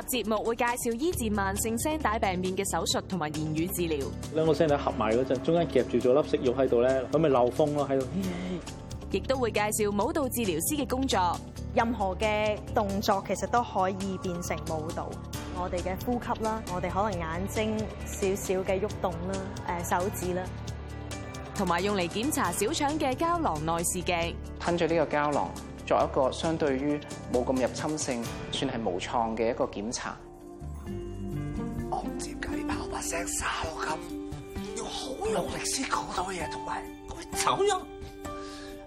集節目會介紹醫治慢性聲帶病變嘅手術同埋言語治療。兩個聲帶合埋嗰陣，中間夾住咗粒瘜肉喺度咧，咁咪漏風咯喺度。亦都會介紹舞蹈治療師嘅工作，任何嘅動作其實都可以變成舞蹈。我哋嘅呼吸啦，我哋可能眼睛少少嘅喐動啦，誒手指啦，同埋用嚟檢查小腸嘅膠囊內視鏡，吞住呢個膠囊。做一個相對於冇咁入侵性、算係無創嘅一個檢查。我唔知點解我把聲沙落咁，要好用力先講到嘢，同埋佢走音，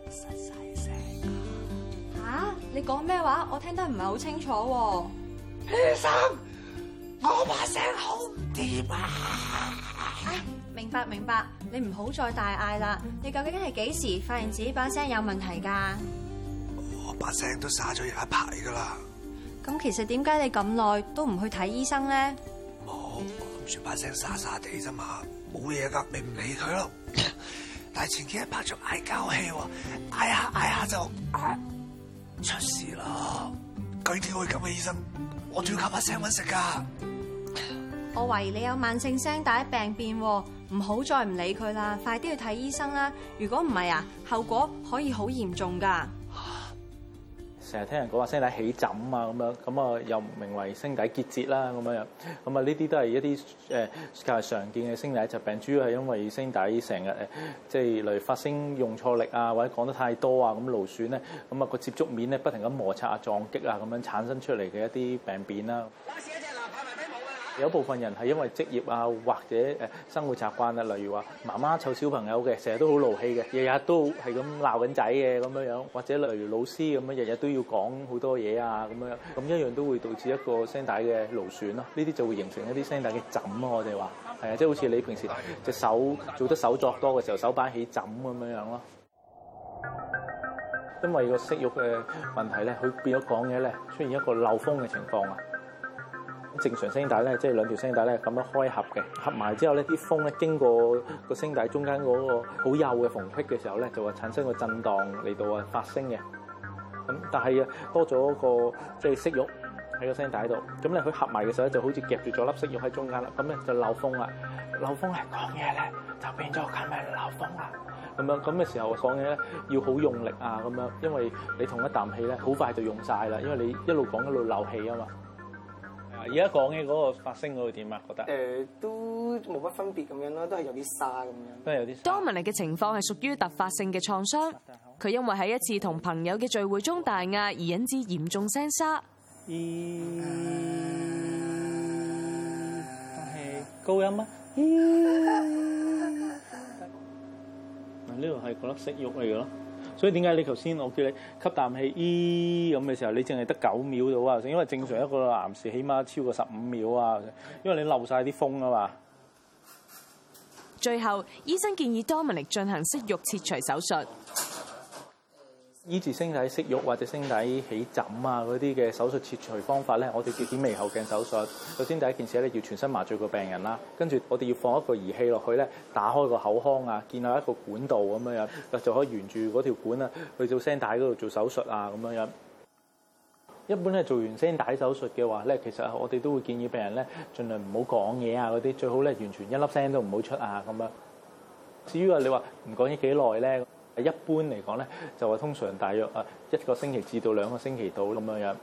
細細聲㗎。嚇、啊！你講咩話？我聽得唔係好清楚喎。醫生，我把聲好掂啊，哎！明白明白，你唔好再大嗌啦！你究竟係幾時發現自己把聲有問題㗎？把聲都沙咗有一排噶啦。咁其實點解你咁耐都唔去睇醫生咧？冇，我諗住把聲沙沙地啫嘛，冇嘢噶，你唔理佢咯。但係前幾日拍咗嗌交戲，嗌下嗌下就吵吵吵吵出事啦。佢點會咁嘅醫生？我仲要靠把聲搵食噶。我懷疑你有慢性聲帶病變，唔好再唔理佢啦，快啲去睇醫生啦。如果唔係啊，後果可以好嚴重噶。成日聽人講話聲帶起疹啊，咁樣咁啊又名為聲帶結節啦，咁樣咁啊呢啲都係一啲誒較常見嘅聲帶疾病，主要係因為聲帶成日誒，即係例如發聲用錯力啊，或者講得太多啊，咁勞損咧，咁啊個接觸面咧不停咁摩擦啊、撞擊啊，咁樣產生出嚟嘅一啲病變啦。有部分人係因為職業啊，或者誒生活習慣啊，例如話媽媽湊小朋友嘅，成日都好勞氣嘅，日日都係咁鬧緊仔嘅咁樣樣，或者例如老師咁樣，日日都要講好多嘢啊咁樣樣，咁一樣都會導致一個聲帶嘅勞損咯。呢啲就會形成一啲聲帶嘅枕啊，我哋話係啊，即係、就是、好似你平時隻手做得手作多嘅時候，手板起枕咁樣樣咯。因為個息肉嘅問題咧，佢變咗講嘢咧出現一個漏風嘅情況啊。正常聲帶咧，即係兩條聲帶咧咁樣開合嘅，合埋之後咧，啲風咧經過聲帶個聲帶中間嗰個好幼嘅縫隙嘅時候咧，就會產生個震盪嚟到啊發聲嘅。咁但係啊，多咗個即係息肉喺個聲帶度，咁咧佢合埋嘅時候咧，就好似夾住咗粒息肉喺中間啦，咁咧就漏風啦。漏風係講嘢咧，就變咗咁嘅漏風啦。咁樣咁嘅時候講嘢咧，要好用力啊咁樣，因為你同一啖氣咧，好快就用晒啦，因為你一路講一路漏氣啊嘛。而家講嘅嗰個發聲嗰個點啊？覺得誒都冇乜分別咁樣咯，都係有啲沙咁樣。都係有啲。Dominic 嘅情況係屬於突發性嘅創傷，佢因為喺一次同朋友嘅聚會中大嗌而引致嚴重聲沙。咦，係高音啊！嗱呢度係嗰粒瘜肉嚟嘅咯。所以點解你頭先我叫你吸啖氣，咦，咁嘅時候，你淨係得九秒到啊？因為正常一個男士起碼超過十五秒啊，因為你漏晒啲風啊嘛。最後，醫生建議 Dominic 進行息肉切除手術。醫治聲帶息肉或者聲帶起繭啊嗰啲嘅手術切除方法咧，我哋叫顯微喉鏡手術。首先第一件事咧，要全身麻醉個病人啦。跟住我哋要放一個儀器落去咧，打開個口腔啊，建立一個管道咁樣樣，就可以沿住嗰條管啊去做聲帶嗰度做手術啊咁樣樣。一般咧做完聲帶手術嘅話咧，其實我哋都會建議病人咧，盡量唔好講嘢啊嗰啲，最好咧完全一粒聲都唔好出啊咁樣。至於話你話唔講嘢幾耐咧？一般嚟講咧，就話通常大約啊一個星期至到兩個星期到咁樣樣。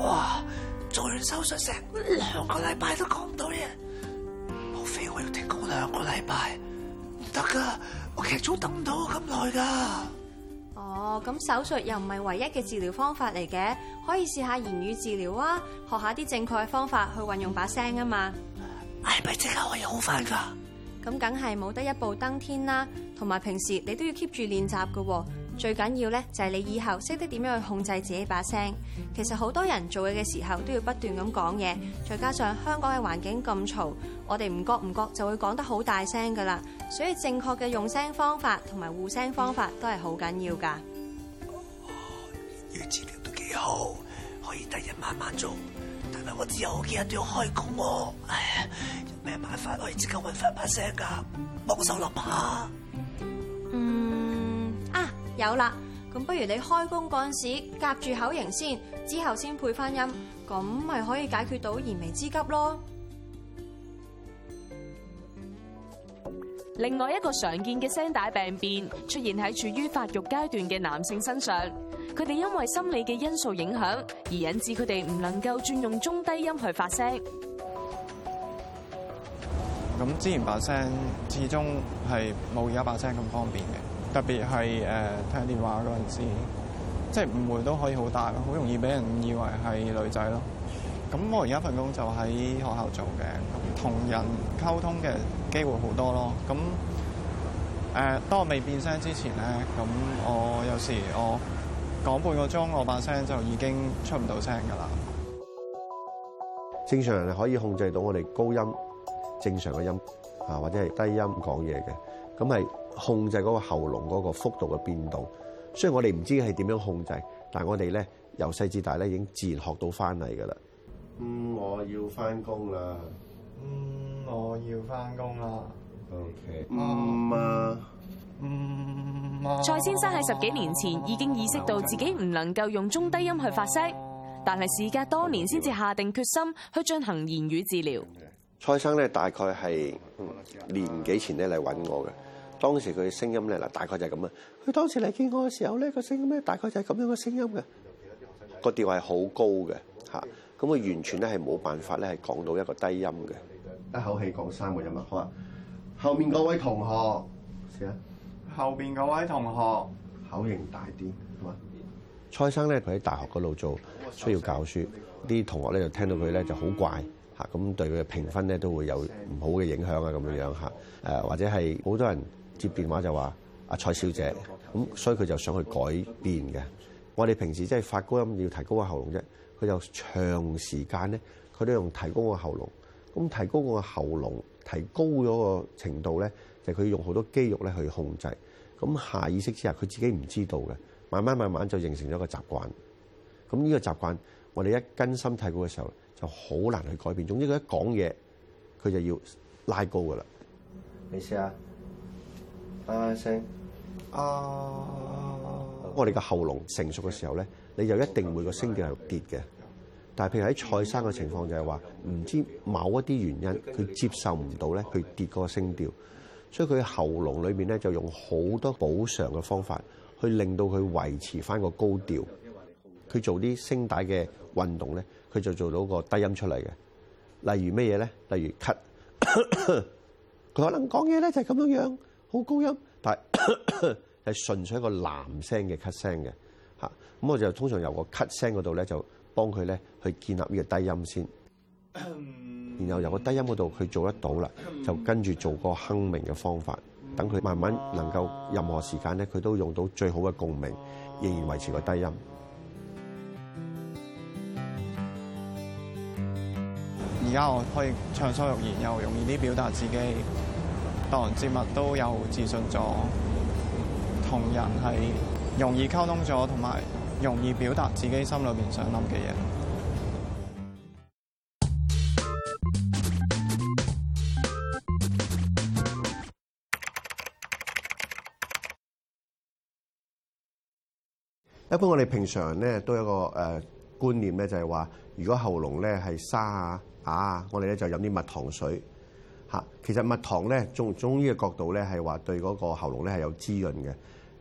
哇！做完手術成兩個禮拜都講唔到嘢，莫非我要停工兩個禮拜？唔得噶，我劇早等唔到我咁耐噶。哦，咁手術又唔係唯一嘅治療方法嚟嘅，可以試下言語治療啊，學下啲正確嘅方法去運用把聲啊嘛。係咪即刻可以好翻噶？咁梗係冇得一步登天啦。同埋平時你都要 keep 住練習噶，最緊要咧就係你以後識得點樣去控制自己把聲。其實好多人做嘢嘅時候都要不斷咁講嘢，再加上香港嘅環境咁嘈，我哋唔覺唔覺就會講得好大聲噶啦。所以正確嘅用聲方法同埋護聲方法都係好緊要噶。哦，練完治療都幾好，可以第日慢慢做。但係我之後幾日都要開工，啊，唉，有咩辦法我可以即刻搵返把聲噶？幫手諗下。有啦，咁不如你開工嗰陣時，夾住口型先，之後先配翻音，咁咪可以解決到燃眉之急咯。另外一個常見嘅聲帶病變，出現喺處於發育階段嘅男性身上，佢哋因為心理嘅因素影響，而引致佢哋唔能夠轉用中低音去發聲。咁之前把聲始終係冇而家把聲咁方便嘅。特別係誒聽電話嗰陣時，即係誤會都可以好大咯，好容易俾人以為係女仔咯。咁我而家份工就喺學校做嘅，同人溝通嘅機會好多咯。咁誒、呃，當我未變聲之前咧，咁我有時我講半個鐘，我把聲就已經出唔到聲㗎啦。正常人係可以控制到我哋高音、正常嘅音啊，或者係低音講嘢嘅，咁係。控制嗰個喉嚨嗰個幅度嘅變動，雖然我哋唔知係點樣控制，但係我哋咧由細至大咧已經自然學到返嚟㗎啦。嗯，我要返工啦。嗯，我要返工啦。O K。嗯啊。嗯，蔡先生喺十幾年前已經意識到自己唔能夠用中低音去發聲，但係事隔多年先至下定決心去進行言語治療。蔡生咧大概係年幾前咧嚟揾我嘅。當時佢嘅聲音咧嗱，佢大概就係咁啦。佢當時嚟見我嘅時候咧，個聲音咧大概就係咁樣嘅聲音嘅個調係好高嘅嚇，咁佢完全咧係冇辦法咧係講到一個低音嘅，一口氣講三個音啊！我話後面嗰位同學，咩啊？後面嗰位同學口型大啲係嘛？蔡生咧，佢喺大學嗰度做需要教書，啲同學咧就聽到佢咧就好怪嚇，咁對佢嘅評分咧都會有唔好嘅影響啊，咁樣樣嚇誒，或者係好多人。接電話就話阿蔡小姐咁，所以佢就想去改變嘅。我哋平時即係發高音要提高個喉嚨啫，佢就長時間咧，佢都用提高個喉嚨。咁提高個喉嚨，提高咗個程度咧，就佢用好多肌肉咧去控制。咁下意識之下，佢自己唔知道嘅，慢慢慢慢就形成咗個習慣。咁呢個習慣，我哋一根深蒂固嘅時候就好難去改變。總之佢一講嘢，佢就要拉高噶啦。你試啊？啊聲啊！我哋嘅喉嚨成熟嘅時候咧，你就一定每個聲調係跌嘅。但係譬如喺蔡生嘅情況就係話，唔知某一啲原因佢接受唔到咧，佢跌個聲調，所以佢喉嚨裏面咧就用好多補償嘅方法去令到佢維持翻個高調。佢做啲聲帶嘅運動咧，佢就做到個低音出嚟嘅。例如咩嘢咧？例如咳，咳，佢可能講嘢咧就係咁樣樣。好高音，但係純粹一個男聲嘅咳聲嘅嚇，咁我就通常由個咳聲嗰度咧就幫佢咧去建立呢個低音先， 然後由個低音嗰度佢做得到啦， 就跟住做個哼鳴嘅方法，等佢慢慢能夠任何時間咧，佢都用到最好嘅共鳴，仍然維持個低音。而家我可以暢所欲言，又容易啲表達自己。節物都有自信咗，同人係容易溝通咗，同埋容易表達自己心裏面想諗嘅嘢。一般我哋平常咧都有誒個觀念咧，就係話，如果喉嚨咧係沙啊、癢啊，我哋咧就飲啲蜜糖水。吓，其實蜜糖咧，從中醫嘅角度咧，係話對嗰個喉嚨咧係有滋潤嘅。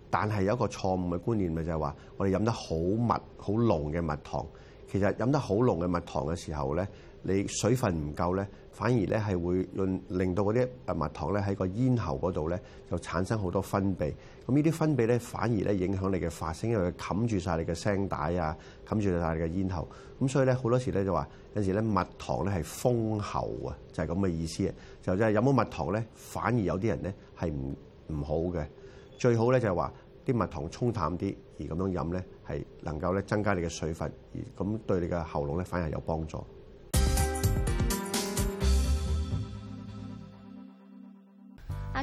但係有一個錯誤嘅觀念咪就係話我哋飲得好密、好濃嘅蜜糖，其實飲得好濃嘅蜜糖嘅時候咧。你水分唔夠咧，反而咧係會令令到嗰啲啊蜜糖咧喺個咽喉嗰度咧就產生好多分泌。咁呢啲分泌咧反而咧影響你嘅發聲，因為佢冚住晒你嘅聲帶啊，冚住晒你嘅咽喉。咁所以咧好多時咧就話有時咧蜜糖咧係封喉啊，就係咁嘅意思啊。就即係飲咗蜜糖咧，反而有啲人咧係唔唔好嘅。最好咧就係話啲蜜糖沖淡啲，而咁樣飲咧係能夠咧增加你嘅水分，而咁對你嘅喉嚨咧反而係有幫助。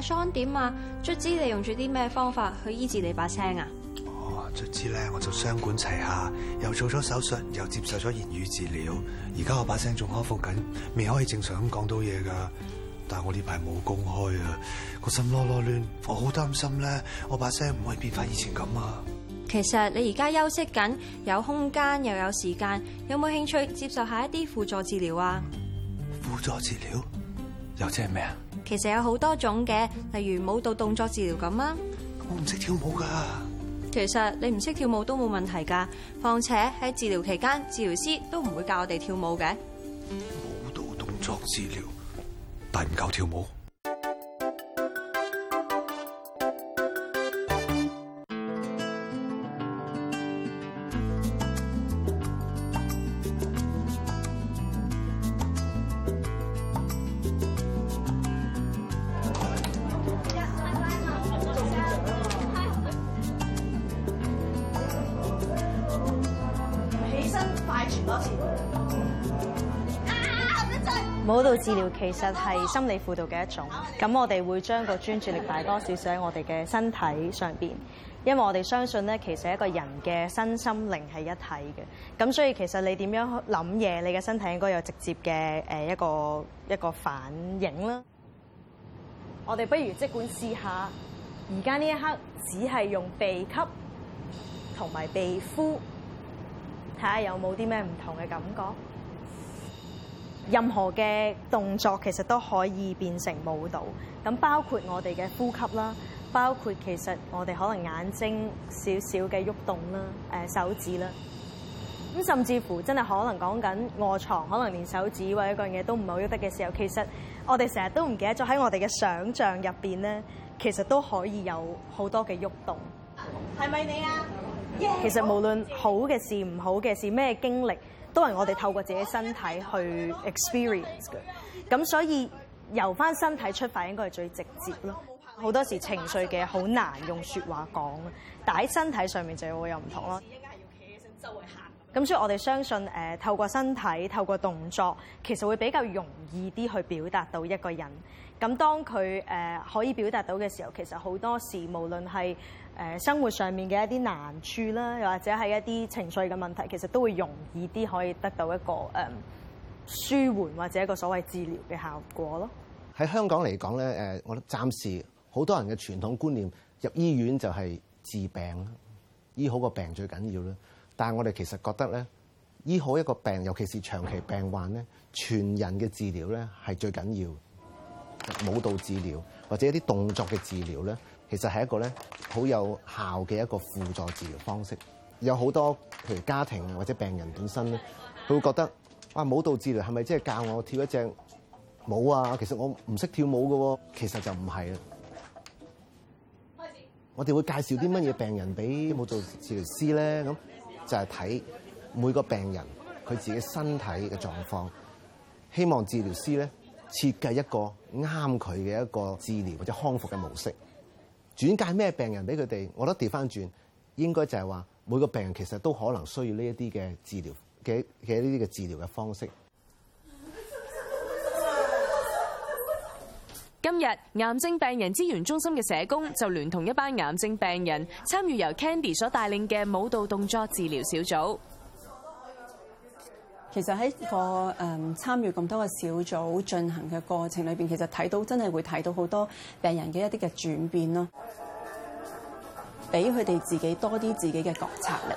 傷點啊？卒之，你用住啲咩方法去醫治你把聲啊？哦，卒之咧，我就雙管齊下，又做咗手術，又接受咗言語治療，而家我把聲仲康復緊，未可以正常咁講到嘢噶。但我呢排冇公開啊，個心囉囉攣，我好擔心咧，我把聲唔可以變翻以前咁啊。其實你而家休息緊，有空間又有時間，有冇興趣接受下一啲輔助治療啊？嗯，輔助治療又即係咩啊？其實有好多種嘅，例如舞蹈動作治療咁啊。我唔識跳舞㗎。其實你唔識跳舞都冇問題㗎，況且喺治療期間，治療師都唔會教我哋跳舞嘅。舞蹈動作治療，但唔教跳舞。舞蹈治療其實係心理輔導嘅一種，咁我哋會將個專注力大多數喺我哋嘅身體上邊，因為我哋相信咧，其實一個人嘅身心靈係一體嘅，咁所以其實你點樣諗嘢，你嘅身體應該有直接嘅誒一個一個反應啦。我哋不如即管試下，而家呢一刻只係用鼻吸同埋鼻呼。睇下有冇啲咩唔同嘅感覺，任何嘅動作其實都可以變成舞蹈。咁包括我哋嘅呼吸啦，包括其實我哋可能眼睛少少嘅喐動啦，誒手指啦。咁甚至乎真係可能講緊卧床，可能連手指或者一樣嘢都唔係喐得嘅時候，其實我哋成日都唔記得咗喺我哋嘅想像入邊咧，其實都可以有好多嘅喐動，係咪你啊？其實無論好嘅事、唔好嘅事、咩經歷，都係我哋透過自己身體去 experience 嘅。咁所以由翻身體出發，應該係最直接咯。好多時情緒嘅好難用說話講，但喺身體上面就會有唔同咯。應該係周圍行。咁所以我哋相信透過身體、透過動作，其實會比較容易啲去表達到一個人。咁當佢可以表達到嘅時候，其實好多時無論係誒生活上面嘅一啲難處啦，又或者係一啲情緒嘅問題，其實都會容易啲可以得到一個、嗯、舒緩或者一個所謂治療嘅效果咯。喺香港嚟講咧，我覺得暫時好多人嘅傳統觀念入醫院就係治病，醫好個病最緊要啦。但係我哋其實覺得咧，醫好一個病，尤其是長期病患咧，全人嘅治療咧係最緊要。舞蹈治療或者一啲動作嘅治療咧，其實係一個咧。好有效嘅一個輔助治療方式，有好多譬如家庭或者病人本身咧，佢會覺得啊，舞蹈治療係咪即係教我跳一隻舞啊？其實我唔識跳舞嘅，其實就唔係啦。開始，我哋會介紹啲乜嘢病人俾舞蹈治療師咧，咁就係睇每個病人佢自己身體嘅狀況，希望治療師咧設計一個啱佢嘅一個治療或者康復嘅模式。轉介咩病人俾佢哋，我覺得調翻轉，應該就係話每個病人其實都可能需要呢一啲嘅治療嘅嘅呢啲嘅治療嘅方式。今日癌症病人資源中心嘅社工就聯同一班癌症病人參與由 Candy 所帶領嘅舞蹈動作治療小組。其實喺個誒參與咁多嘅小組進行嘅過程裏邊，其實睇到真係會睇到好多病人嘅一啲嘅轉變咯，俾佢哋自己多啲自己嘅覺察力，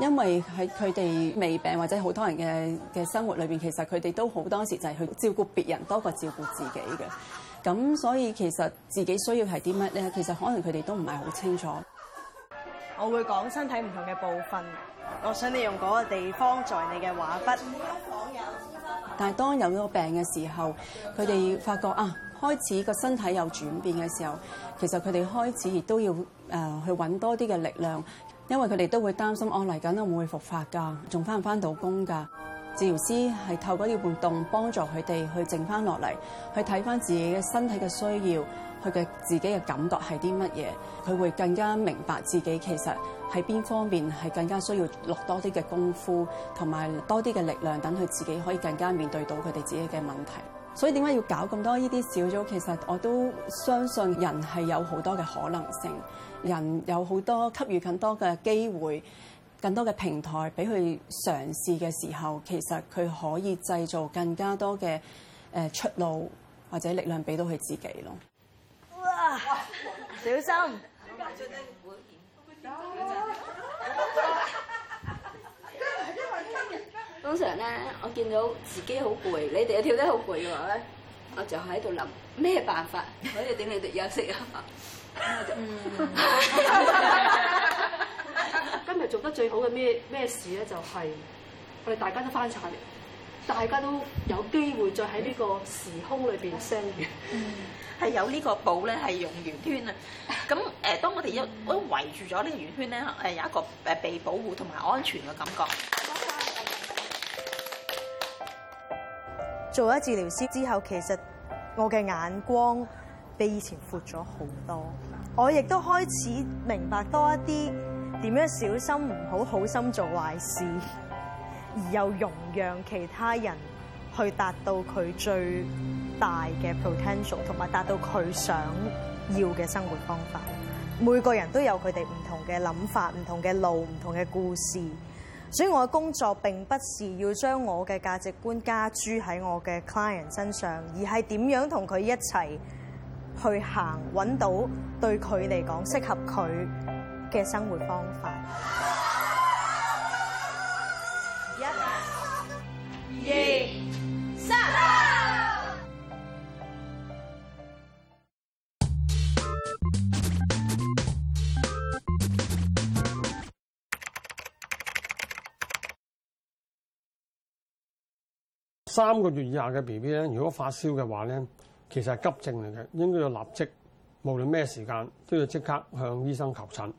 因為喺佢哋未病或者好多人嘅嘅生活裏邊，其實佢哋都好多時候就係去照顧別人多過照顧自己嘅，咁所以其實自己需要係啲乜咧？其實可能佢哋都唔係好清楚。我會講身體唔同嘅部分。我想利用嗰個地方，在你嘅畫筆。但係當有咗病嘅時候，佢哋發覺啊，開始個身體有轉變嘅時候，其實佢哋開始亦都要誒、呃、去揾多啲嘅力量，因為佢哋都會擔心哦嚟緊唔會復發㗎，仲翻唔翻到工㗎？治療師係透過啲活動幫助佢哋去靜翻落嚟，去睇翻自己嘅身體嘅需要。佢嘅自己嘅感覺係啲乜嘢？佢會更加明白自己其實喺邊方面係更加需要落多啲嘅功夫，同埋多啲嘅力量，等佢自己可以更加面對到佢哋自己嘅問題，所以點解要搞咁多呢啲小組，其實我都相信人係有好多嘅可能性，人有好多給予更多嘅機會，更多嘅平台俾佢嘗試嘅時候，其實，佢可以製造更加多嘅誒出路或者力量俾到佢自己咯。哇，小心！通常咧，我見到自己好攰，你哋跳得好攰嘅話咧，我就喺度諗咩辦法可以點你哋休息啊？嗯、 今日做得最好嘅咩咩事咧，就係、是、我哋大家都翻產。大家都有機會再喺呢個時空裏邊相遇，係有呢個寶咧，係用圓圈啊！咁誒，當我哋一我都圍住咗呢個圓圈咧，誒有一個誒被保護同埋安全嘅感覺。 做咗治療師之後，其實我嘅眼光比以前闊咗好多，我亦都開始明白多一啲點樣小心，唔好，好心做壞事。而又容讓其他人去達到佢最大嘅 potential，同埋達到佢想要嘅生活方法。每個人都有佢哋唔同嘅諗法、唔同嘅路、唔同嘅故事，所以我嘅工作並不是要將我嘅價值觀加諸喺我嘅 client 身上，而係點樣同佢一齊去行，揾到對佢嚟講適合佢嘅生活方法。啊、三個月以下嘅 BB 咧，如果發燒嘅話咧，其實係急症嚟嘅，應該要立即，無論咩時間，都要即刻向醫生求診。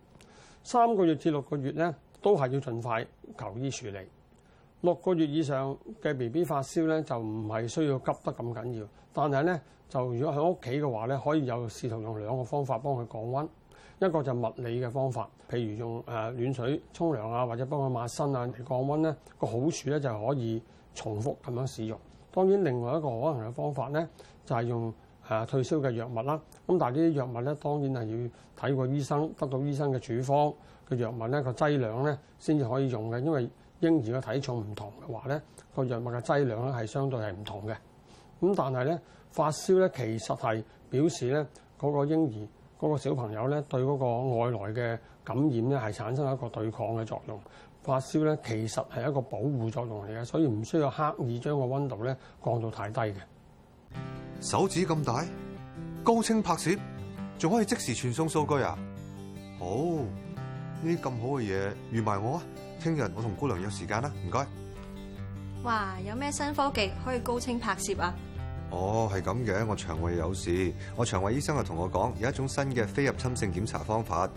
三個月至六個月咧，都係要盡快求醫處理。六個月以上嘅 B B 發燒咧，就唔係需要急得咁緊要。但係咧，就如果喺屋企嘅話咧，可以有試圖用兩個方法幫佢降温。一個就物理嘅方法，譬如用誒暖水沖涼啊，或者幫佢抹身啊，降温咧個好處咧就係可以重複咁樣使用。當然，另外一個可能嘅方法咧，就係用誒退燒嘅藥物啦。咁但係呢啲藥物咧，當然係要睇過醫生，得到醫生嘅處方嘅藥物咧個劑量咧，先至可以用嘅，因為。嬰兒嘅體重唔同嘅話咧，個藥物嘅劑量咧係相對係唔同嘅。咁但係咧，發燒咧其實係表示咧嗰個嬰兒嗰個小朋友咧對嗰個外來嘅感染咧係產生一個對抗嘅作用。發燒咧其實係一個保護作用嚟嘅，所以唔需要刻意將個温度咧降到太低嘅。手指咁大，高清拍攝，仲可以即時傳送數據啊！哦，這麼好呢啲咁好嘅嘢，預埋我啊！聽日我同姑娘約時間啦，唔該。哇，有咩新科技可以高清拍攝啊？哦，係咁嘅，我腸胃有事，我腸胃醫生就同我講，有一種新嘅非入侵性檢查方法，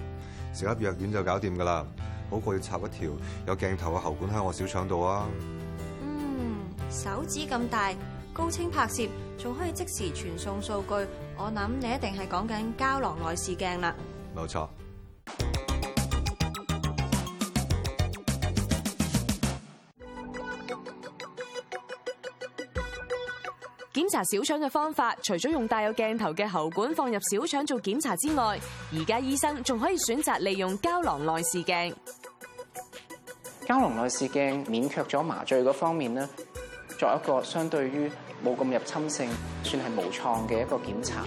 食粒藥丸就搞掂噶啦，好過要插一條有鏡頭嘅喉管喺我小腸度啊。嗯，手指咁大，高清拍攝，仲可以即時傳送數據，我諗你一定係講緊膠囊內視鏡啦。冇錯。檢查小腸嘅方法，除咗用帶有鏡頭嘅喉管放入小腸做檢查之外，而家醫生仲可以選擇利用膠囊內視鏡。膠囊內視鏡免卻咗麻醉嗰方面呢，作一個相對於冇咁入侵性，算係無創嘅一個檢查。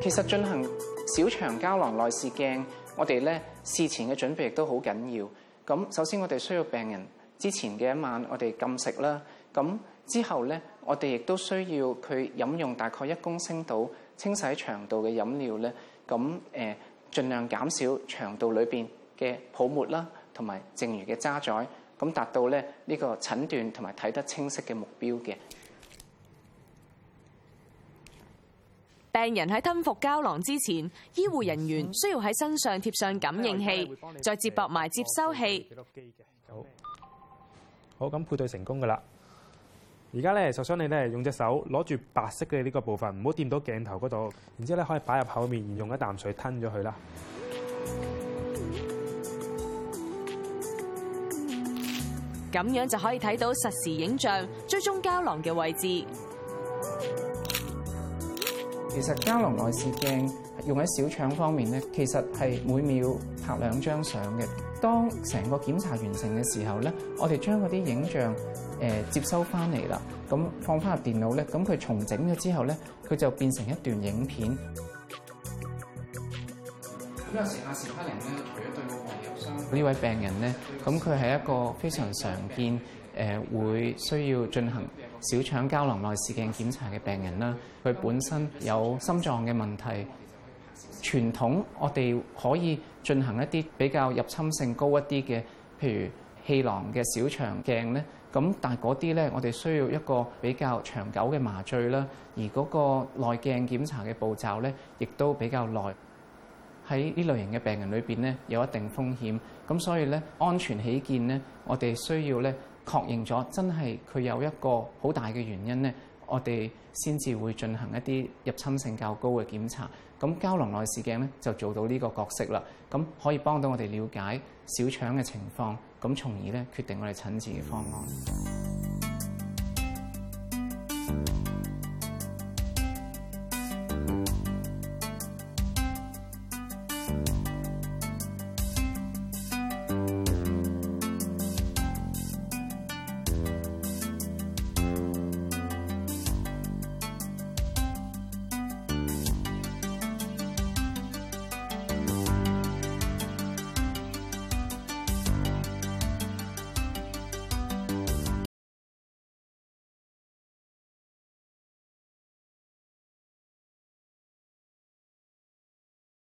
其實進行小腸膠囊內視鏡，我哋咧事前嘅準備亦都好緊要。咁首先，我哋需要病人。之前嘅一晚，我哋禁食啦。咁之後咧，我哋亦都需要佢飲用大概一公升到清洗腸道嘅飲料咧。咁誒，盡量減少腸道裏邊嘅泡沫啦，同埋剩餘嘅渣滓，咁達到咧呢個診斷同埋睇得清晰嘅目標嘅。病人喺吞服膠囊之前，醫護人員需要喺身上貼上感應器，再接駁埋接收器。好，咁配對成功噶啦。而家咧，就想你咧用隻手攞住白色嘅呢個部分，唔好掂到鏡頭嗰度。然之後咧，可以擺入口面，然後用一啖水吞咗佢啦。咁樣就可以睇到實時影像，追蹤膠囊嘅位置。其實膠囊內視鏡用喺小腸方面咧，其實係每秒拍兩張相嘅。當成個檢查完成嘅時候咧，我哋將嗰啲影像誒接收翻嚟啦，咁放翻入電腦咧，咁佢重整咗之後咧，佢就變成一段影片。咁有時阿時卡玲咧，除咗對我懷有傷，呢位病人咧，咁佢係一個非常常見誒會需要進行小腸膠囊內視鏡檢查嘅病人啦，佢本身有心臟嘅問題。傳統我哋可以進行一啲比較入侵性高一啲嘅，譬如氣囊嘅小腸鏡呢。咁但係嗰啲呢，我哋需要一個比較長久嘅麻醉啦，而嗰個內鏡檢查嘅步驟呢，亦都比較耐。喺呢類型嘅病人裏邊呢，有一定風險，咁所以呢，安全起見呢，我哋需要呢確認咗真係佢有一個好大嘅原因呢，我哋先至會進行一啲入侵性較高嘅檢查。咁膠囊內視鏡咧就做到呢個角色啦，咁可以幫到我哋了解小腸嘅情況，咁從而咧決定我哋診治嘅方案。嗯。